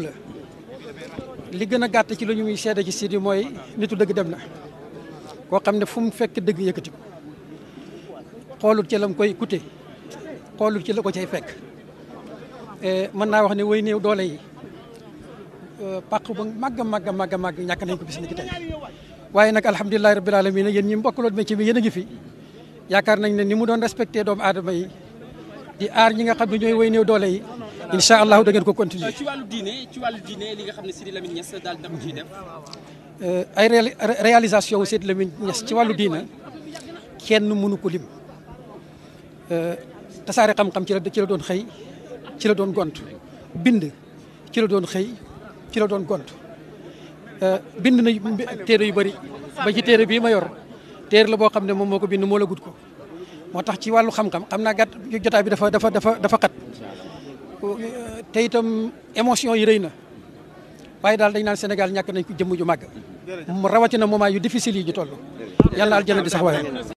la li gën a gàtt ci lu ñuy seede ci Sidi mooy nitu dëgg dem na koo xam ne fu mu fekk dëgg yëkkati ko xoolut ci lam koy coûté xoolut ci la ko cay fekk e, mën naa wax ne way néew doole yi e, paq ba màgg màgg màgg màgg ñàkk nañ ko bis ni ki tey waaye nag alhamdulilahi rabbil alamin yéen ñi mbokkaloon métier bi yéen a ngi fi yaakaar nañ ne ni mu doon respecté doomu aadama yi di aar ñi nga xam ne ñooy way doole yi incha allahu dangeen ko continuer. ci wàllu diine ci wàllu diine li nga xam ne Sidi Lamine Niass daal dama ciy def. Euh, ay réalisation wu Sidi Lamine Niass ci wàllu diine kenn mënu ko lim euh, tasaare xam-xam ci la doon xëy ci la doon gont bind ci la doon xëy ci la doon gont euh, bind na téere yu bëri ba ci téere bii ma yor téere la boo xam ne moom moo ko bind moo la gudd ko moo tax ci wàllu xam-xam xam naa gàtt jotaay bi dafa dafa dafa dafa xat te itam émotion yi rey na waaye daal dañ naan Sénégal ñàkk nañ ko jëmm ju màgg rawatina moment yu difficile yi ñu toll yàlla aljana di sax waaye